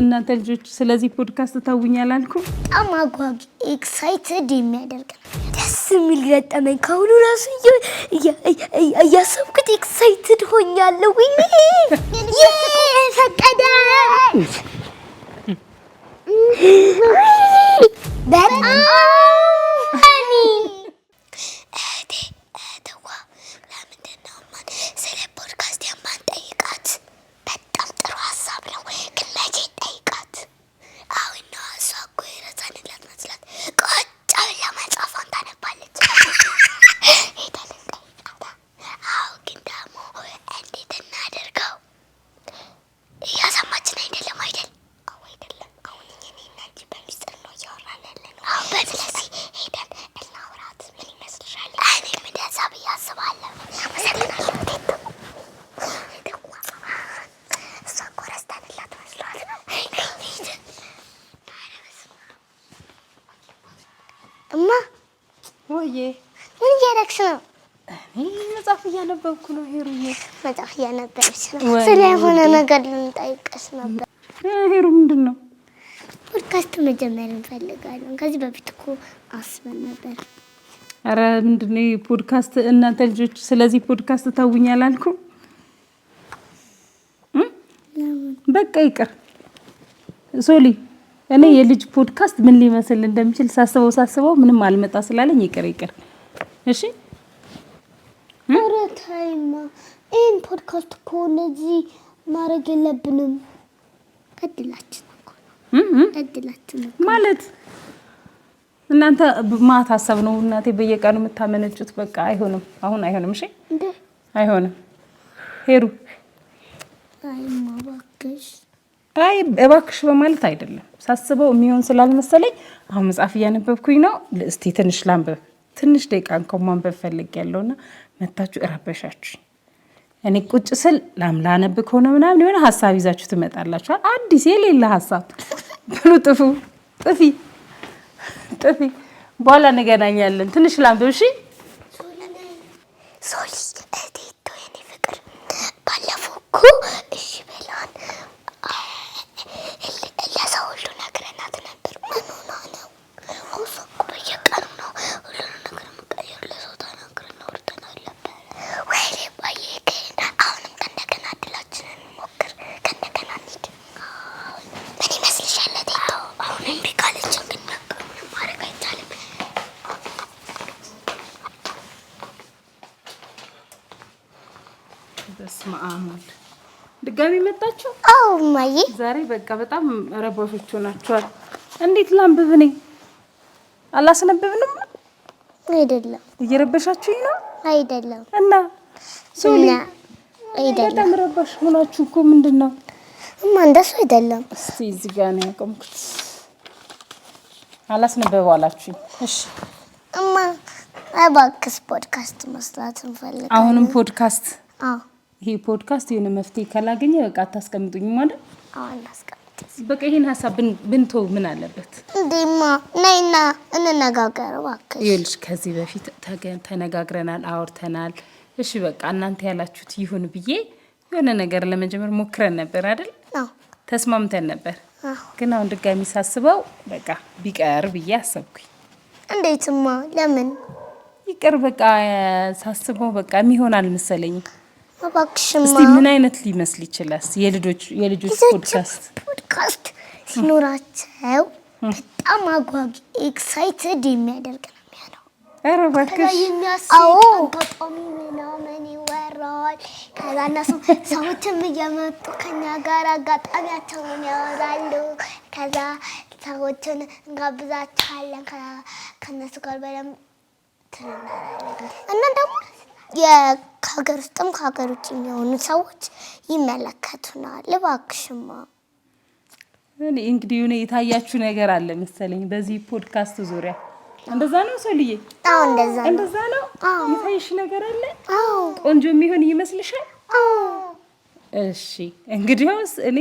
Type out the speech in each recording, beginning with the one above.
እናንተ ልጆች ስለዚህ ፖድካስት ታውኛል አልኩ። በጣም አጓጊ ኤክሳይትድ የሚያደርግ ደስ የሚል ገጠመኝ ከአሁኑ ራሱ እያሰብኩት ኤክሳይትድ ሆኛለሁ። ፈቀደ በጣም እያነበብኩ ነው ሄሩዬ። መጽሐፍ ነው። ስለ የሆነ ነገር ነበር። ሄሩ ምንድን ነው? ፖድካስት መጀመር እንፈልጋለን። ከዚህ በፊት እኮ አስበን ነበር። ምንድን ነው ፖድካስት? እናንተ ልጆች ስለዚህ ፖድካስት ታውኛል አልኩ። በቃ ይቅር ሶሊ። እኔ የልጅ ፖድካስት ምን ሊመስል እንደሚችል ሳስበው ሳስበው ምንም አልመጣ ስላለኝ ይቅር ይቅር። እሺ ታይማ ይህን ፖድካስት እኮ እነዚህ ማድረግ የለብንም። እድላችን እድላችን ማለት እናንተ ማታሰብ ነው። እናቴ በየቀኑ የምታመነጩት በቃ አይሆንም። አሁን አይሆንም። እሺ አይሆንም። ሄሩ አይ እባክሽ በማለት አይደለም ሳስበው የሚሆን ስላልመሰለኝ አሁን መጽሐፍ እያነበብኩኝ ነው። እስቲ ትንሽ ላንብብ ትንሽ ደቂቃ እንኳን ማንበብ ፈልግ ያለውና መታችሁ እረበሻችሁ። እኔ ቁጭ ስል ላምላነብ ከሆነ ምናምን የሆነ ሀሳብ ይዛችሁ ትመጣላችኋል። አዲስ የሌለ ሀሳብ ብሉ፣ ጥፉ፣ ጥፊ ጥፊ። በኋላ እንገናኛለን። ትንሽ ላንብብ እሺ። ነው የመጣችሁ? አዎ እማዬ። ዛሬ በቃ በጣም ረባሾች ሆናችኋል። እንዴት ላንብብ? እኔ አላስነብብንም አይደለም። እየረበሻችሁኝ ነው አይደለም? እና ሶሊ አይደለም። በጣም ረባሽ ሆናችሁ እኮ ምንድን ነው እማ? እንደሱ አይደለም። እስቲ እዚህ ጋር ነው ያቆምኩት። አላስነበብ አላችሁኝ። እሺ እማ፣ እባክሽ ፖድካስት መስራት እንፈልጋለን። አሁንም ፖድካስት? አዎ ይሄ ፖድካስት የሆነ መፍትሄ ካላገኘ በቃ አታስቀምጡኝ ማለት በቃ ይሄን ሀሳብ ብንተው ምን አለበት? እንዴማ ነይና እንነጋገር እባክሽ። ይኸውልሽ ከዚህ በፊት ተነጋግረናል፣ አውርተናል። እሺ በቃ እናንተ ያላችሁት ይሁን ብዬ የሆነ ነገር ለመጀመር ሞክረን ነበር አይደል? ተስማምተን ነበር። ግን አሁን ድጋሚ ሳስበው በቃ ቢቀር ብዬ አሰብኩኝ። እንዴትማ? ለምን ይቅር? በቃ ሳስበው በቃ የሚሆን አልመሰለኝም። እስቲ ምን አይነት ሊመስል ይችላል? የልጆች የልጆች ፖድካስት ፖድካስት ሲኖራቸው በጣም አጓጊ ኤክሳይትድ የሚያደርግ ነው የሚሆነው። ኧረ እባክሽ አጋጣሚ ምናምን ከዛ እነሱ ሰዎችም እየመጡ ከኛ ጋር አጋጣሚያቸውን ያወራሉ። ከዛ ሰዎችን እንጋብዛቸዋለን። ከነሱ ጋር በደምብ ትንናላለን እና ደግሞ ከሀገር ውስጥም ከሀገር ውጭ የሚሆኑ ሰዎች ይመለከቱናል። እባክሽማ እንግዲህ ሆነ የታያችሁ ነገር አለ መሰለኝ በዚህ ፖድካስት ዙሪያ እንደዛ ነው ሰውልዬ? አዎ እንደዛ ነው። እንደዛ ነው ነገር አለ? አዎ ቆንጆ የሚሆን ይመስልሻል? አዎ እሺ፣ እንግዲያውስ እኔ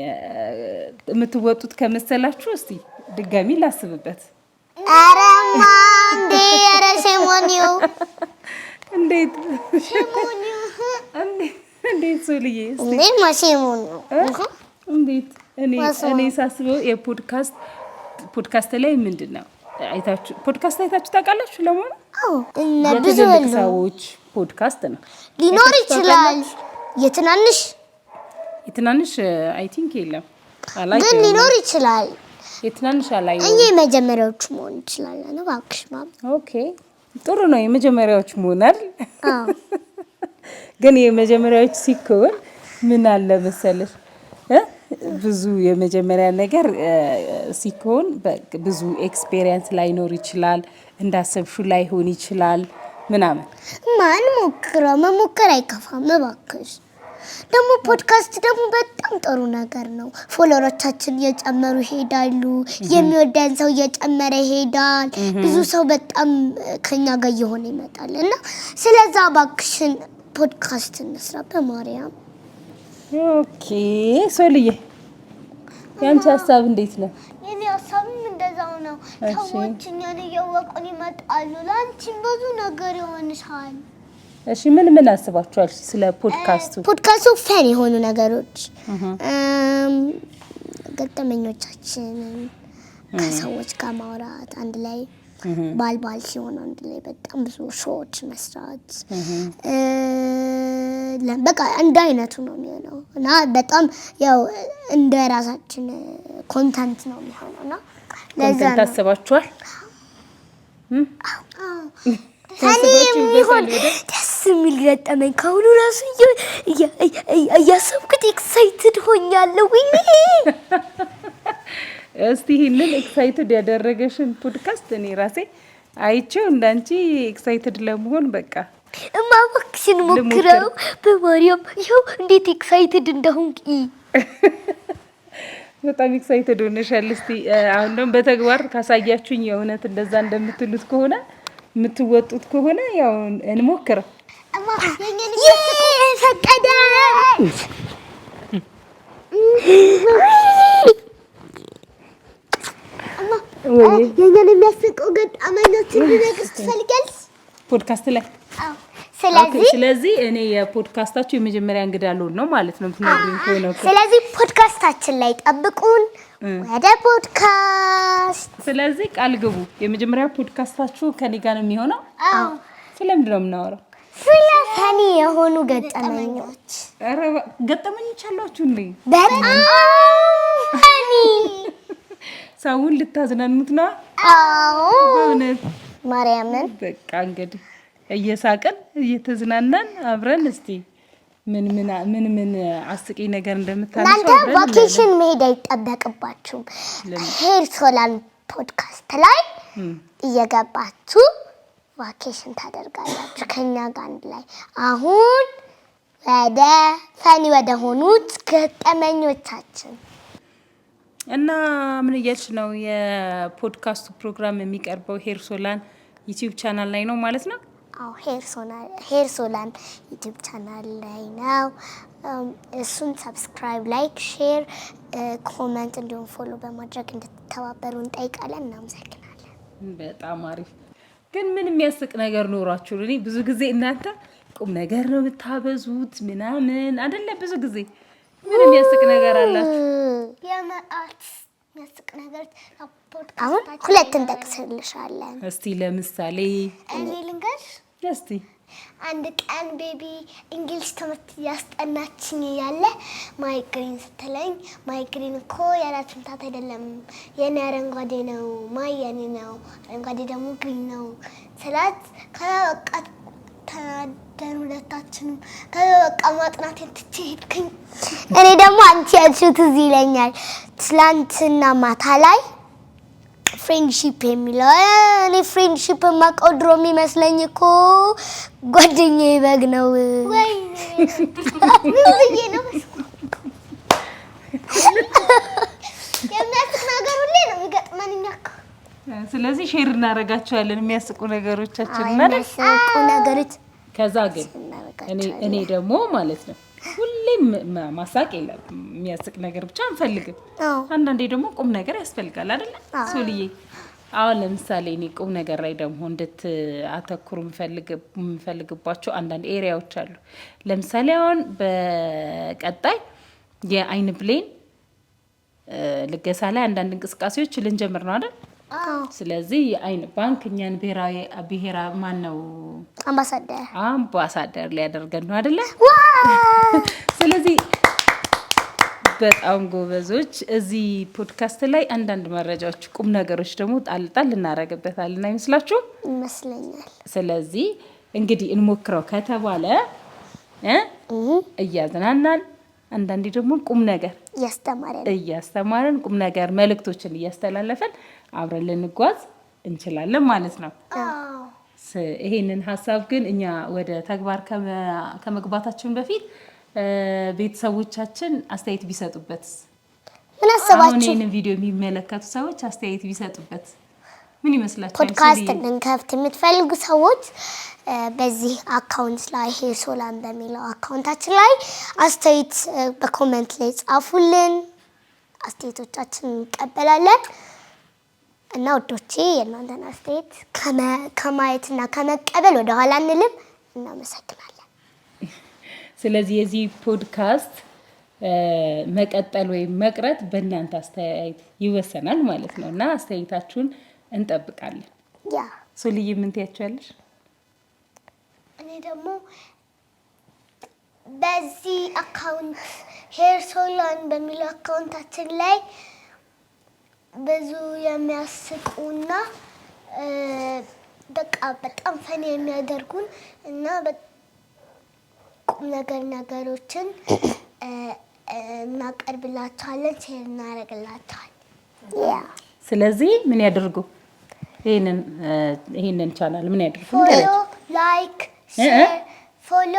የምትወጡት ከመሰላችሁ እስቲ ድጋሚ ላስብበት። እንዴ! ሴሞኒው እንዴት እንዴት ሱልዬ እንዴት እኔ ሳስበው የፖድካስት ፖድካስት ላይ ምንድን ነው አይታችሁ ፖድካስት አይታችሁ ታውቃላችሁ? ለመሆኑ ብዙ ሰዎች ፖድካስት ነው ሊኖር ይችላል። የትናንሽ የትናንሽ አይ ቲንክ የለም ግን ሊኖር ይችላል። የትናንሽ አላይ እኛ የመጀመሪያዎቹ መሆን ይችላለን። እባክሽ ኦኬ ጥሩ ነው። የመጀመሪያዎች መሆን አይደል? ግን የመጀመሪያዎች ሲከውን ምን አለ መሰለሽ ብዙ የመጀመሪያ ነገር ሲከውን ብዙ ኤክስፔሪየንስ ላይኖር ይችላል፣ እንዳሰብሹ ላይሆን ይችላል ምናምን ማን ሞክረ መሞከር አይከፋም እባክሽ ደግሞ ፖድካስት ደግሞ በጣም ጥሩ ነገር ነው። ፎሎወሮቻችን እየጨመሩ ይሄዳሉ። የሚወደን ሰው እየጨመረ ይሄዳል። ብዙ ሰው በጣም ከኛ ጋር እየሆነ ይመጣል እና ስለዛ እባክሽን ፖድካስት እንስራ በማርያም። ኦኬ ሶልዬ፣ ያንቺ ሀሳብ እንዴት ነው? የኔ ሀሳብም ሰዎች እኛን እያወቁን ይመጣሉ። ለአንቺም ብዙ ነገር ይሆንሻል። እሺ ምን ምን አስባችኋል ስለ ፖድካስቱ? ፖድካስቱ ፈን የሆኑ ነገሮች ገጠመኞቻችንን ከሰዎች ጋር ማውራት አንድ ላይ ባል ባል ሲሆን አንድ ላይ በጣም ብዙ ሾዎች መስራት በቃ እንደ አይነቱ ነው የሚሆነው እና በጣም ያው እንደ ራሳችን ኮንተንት ነው የሚሆነው እና ለዛ ታስባችኋል ደስ የሚል ገጠመኝ ከአሁኑ ራሱ እያሰብኩት ኤክሳይትድ ሆኛለሁ። እስቲ ይህንን ኤክሳይትድ ያደረገሽን ፖድካስት እኔ ራሴ አይቼው እንዳንቺ ኤክሳይትድ ለመሆን በቃ እማ ሞክረው በማርያም። ይኸው እንዴት ኤክሳይትድ እንደሆንክ በጣም ኤክሳይትድ ሆነሻል። እስቲ አሁን ደግሞ በተግባር ካሳያችሁኝ የእውነት እንደዛ እንደምትሉት ከሆነ የምትወጡት ከሆነ ያው እንሞክረው። ፈቀደ። የሚያስቀው ትፈልጊያለሽ ፖድካስት ላይ ስለዚህ እኔ የፖድካስታችሁ የመጀመሪያ እንግዳ ልሆን ነው ማለት ነው። ስለዚህ ፖድካስታችን ላይ ጠብቁን። ወደ ፖድካስት ስለዚህ ቃል ግቡ። የመጀመሪያ ፖድካስታችሁ ከኔ ጋር ነው የሚሆነው። ስለምንድን ነው የምናወራው? ስለ ፈኒ የሆኑ ገጠመኞች ገጠመኞች አሏችሁ እንዴ? በጣም ሰውን ልታዝናኑት ነው። ማርያምን። በቃ እንግዲህ እየሳቅን እየተዝናናን አብረን እስቲ ምን ምን ምን ምን አስቂ ነገር እንደምታነሱ እናንተ ቫኬሽን መሄድ አይጠበቅባችሁም። ሄር ፖድካስት ላይ እየገባችሁ ዋኬሽን ታደርጋላችሁ ከኛ ጋር አንድ ላይ። አሁን ወደ ፈኒ ወደ ሆኑት ገጠመኞቻችን እና ምን እያልሽ ነው? የፖድካስቱ ፕሮግራም የሚቀርበው ሄርሶላን ዩቲዩብ ቻናል ላይ ነው ማለት ነው? አዎ ሄርሶላን ዩቲዩብ ቻናል ላይ ነው። እሱን ሰብስክራይብ፣ ላይክ፣ ሼር፣ ኮመንት እንዲሁም ፎሎ በማድረግ እንድትተባበሩ እንጠይቃለን። እናመሰግናለን። በጣም አሪፍ ግን ምን የሚያስቅ ነገር ኖሯችሁ? እኔ ብዙ ጊዜ እናንተ ቁም ነገር ነው የምታበዙት ምናምን አይደለ? ብዙ ጊዜ ምን የሚያስቅ ነገር አላችሁ? አሁን ሁለት እንጠቅስልሻለን። እስቲ ለምሳሌ እኔ ልንገርሽ እስቲ አንድ ቀን ቤቢ እንግሊዝ ትምህርት እያስጠናችኝ እያለ ማይግሪን ስትለኝ ማይግሪን እኮ የራስ ምታት አይደለም፣ የኔ አረንጓዴ ነው፣ ማይ የኔ ነው፣ አረንጓዴ ደግሞ ግሪን ነው ስላት በቃ ተናደን ሁለታችንም። በቃ ማጥናቴን ትቼ ሄድኩኝ። እኔ ደግሞ አንቺ ያልሽው ትዝ ይለኛል ትላንትና ማታ ላይ ፍሬንድሺፕ የሚለው እኔ ፍሬንድሺፕ የማውቀው ድሮ የሚመስለኝ እኮ ጓደኛዬ በግ ነው። ስለዚህ ሼር እናደርጋቸዋለን የሚያስቁ ነገሮቻችን። ከዛ ግን እኔ ደግሞ ማለት ነው ማሳቅ የለም። የሚያስቅ ነገር ብቻ አንፈልግም። አንዳንዴ ደግሞ ቁም ነገር ያስፈልጋል አይደለ ሱልዬ? አሁን ለምሳሌ እኔ ቁም ነገር ላይ ደግሞ እንድታተኩሩ የምፈልግባቸው አንዳንድ ኤሪያዎች አሉ። ለምሳሌ አሁን በቀጣይ የአይን ብሌን ልገሳ ላይ አንዳንድ እንቅስቃሴዎች ልንጀምር ነው አይደል? ስለዚህ የአይን ባንክ እኛን ብሔራዊ ብሔራ ማን ነው አምባሳደር አምባሳደር ሊያደርገን ነው አደለ? ስለዚህ በጣም ጎበዞች። እዚህ ፖድካስት ላይ አንዳንድ መረጃዎች፣ ቁም ነገሮች ደግሞ ጣልጣል እናደርግበታለን። አይመስላችሁ? ይመስለኛል። ስለዚህ እንግዲህ እንሞክረው ከተባለ እያዝናናን አንዳንዴ ደግሞ ቁም ነገር እያስተማረን ቁም ነገር መልእክቶችን እያስተላለፈን አብረን ልንጓዝ እንችላለን ማለት ነው። ይሄንን ሀሳብ ግን እኛ ወደ ተግባር ከመግባታችን በፊት ቤተሰቦቻችን አስተያየት ቢሰጡበት፣ አሁን ይህንን ቪዲዮ የሚመለከቱ ሰዎች አስተያየት ቢሰጡበት ምን ይመስላችኋል? ፖድካስት ልንከፍት የምትፈልጉ ሰዎች በዚህ አካውንት ላይ ይሄ በሚለው አካውንታችን ላይ አስተያየት በኮመንት ላይ ጻፉልን። አስተያየቶቻችን እንቀበላለን። እና ወዶቼ የእናንተን አስተያየት ከማየትና ከመቀበል ወደኋላ እንልም። እናመሰግናለን። ስለዚህ የዚህ ፖድካስት መቀጠል ወይም መቅረት በእናንተ አስተያየት ይወሰናል ማለት ነው እና አስተያየታችሁን እንጠብቃለን። ያ ሶልይ ምን ትያቸዋለሽ? እኔ ደግሞ በዚህ አካውንት ሄር ሶላን በሚለው አካውንታችን ላይ ብዙ የሚያስቁና በቃ በጣም ፈን የሚያደርጉን እና ቁም ነገር ነገሮችን እናቀርብላቸዋለን፣ ሴር እናደርግላቸዋለን። ስለዚህ ምን ያደርጉ? ይህንን ቻናል ምን ያደርጉ? ላይክ ፎሎ፣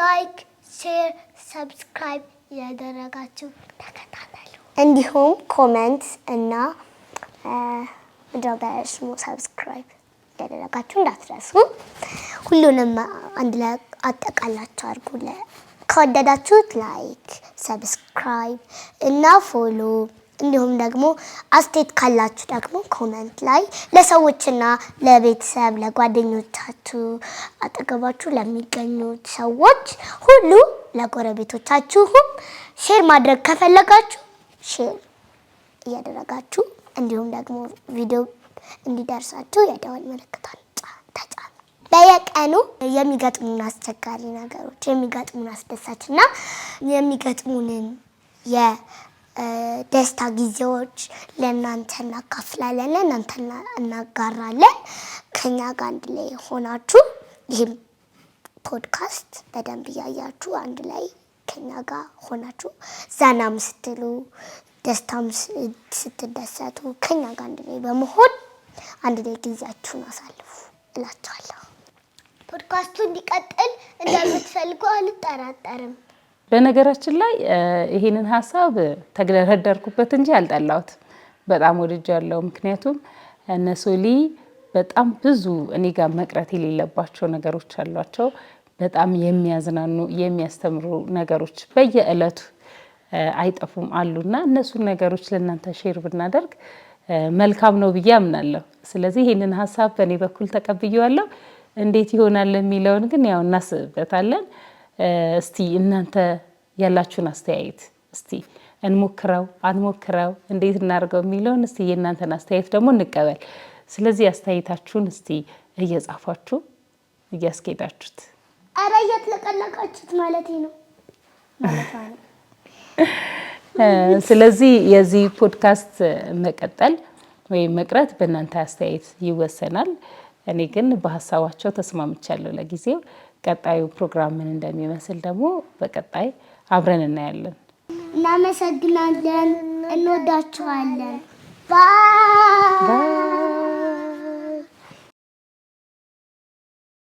ላይክ ሼር፣ ሰብስክራይብ ያደረጋችሁ እንዲሁም ኮመንት እና ደግሞ ሰብስክራይብ ያደረጋችሁ እንዳትረሱ። ሁሉንም አንድ ላይ አጠቃላችሁ አድርጉ። ከወደዳችሁት ላይክ፣ ሰብስክራይብ እና ፎሎ እንዲሁም ደግሞ አስቴት ካላችሁ ደግሞ ኮመንት ላይ ለሰዎችና ለቤተሰብ ለጓደኞቻችሁ፣ አጠገባችሁ ለሚገኙት ሰዎች ሁሉ ለጎረቤቶቻችሁም ሼር ማድረግ ከፈለጋችሁ ሼር እያደረጋችሁ እንዲሁም ደግሞ ቪዲዮ እንዲደርሳችሁ የደወል ምልክቷን ተጫኑ። በየቀኑ የሚገጥሙን አስቸጋሪ ነገሮች፣ የሚገጥሙን አስደሳች እና የሚገጥሙንን የደስታ ጊዜዎች ለእናንተ እናካፍላለን፣ ለእናንተ እናጋራለን። ከኛ ጋር አንድ ላይ ሆናችሁ ይህም ፖድካስት በደንብ እያያችሁ አንድ ላይ ከኛ ጋር ሆናችሁ ዛናም ስትሉ ደስታም ስትደሰቱ ከኛ ጋር አንድ ላይ በመሆን አንድ ላይ ጊዜያችሁን አሳልፉ እላችኋለሁ። ፖድካስቱ እንዲቀጥል እንደምትፈልጉ አልጠራጠርም። በነገራችን ላይ ይሄንን ሀሳብ ተግደረደርኩበት እንጂ አልጠላሁት፣ በጣም ወድጃለሁ። ምክንያቱም እነ ሶሊ በጣም ብዙ እኔ ጋር መቅረት የሌለባቸው ነገሮች አሏቸው። በጣም የሚያዝናኑ የሚያስተምሩ ነገሮች በየዕለቱ አይጠፉም አሉና እነሱን ነገሮች ለእናንተ ሼር ብናደርግ መልካም ነው ብዬ አምናለሁ። ስለዚህ ይህንን ሀሳብ በእኔ በኩል ተቀብዬዋለሁ። እንዴት ይሆናል የሚለውን ግን ያው እናስብበታለን። እስቲ እናንተ ያላችሁን አስተያየት እስቲ እንሞክረው አንሞክረው፣ እንዴት እናደርገው የሚለውን እስቲ የእናንተን አስተያየት ደግሞ እንቀበል። ስለዚህ አስተያየታችሁን እስቲ እየጻፏችሁ እያስኬዳችሁት አረ እየተለቀለቃችሁት ማለት ነው። ስለዚህ የዚህ ፖድካስት መቀጠል ወይም መቅረት በእናንተ አስተያየት ይወሰናል። እኔ ግን በሀሳባቸው ተስማምቻለሁ ለጊዜው። ቀጣዩ ፕሮግራም ምን እንደሚመስል ደግሞ በቀጣይ አብረን እናያለን። እናመሰግናለን። እንወዳችኋለን። ባይ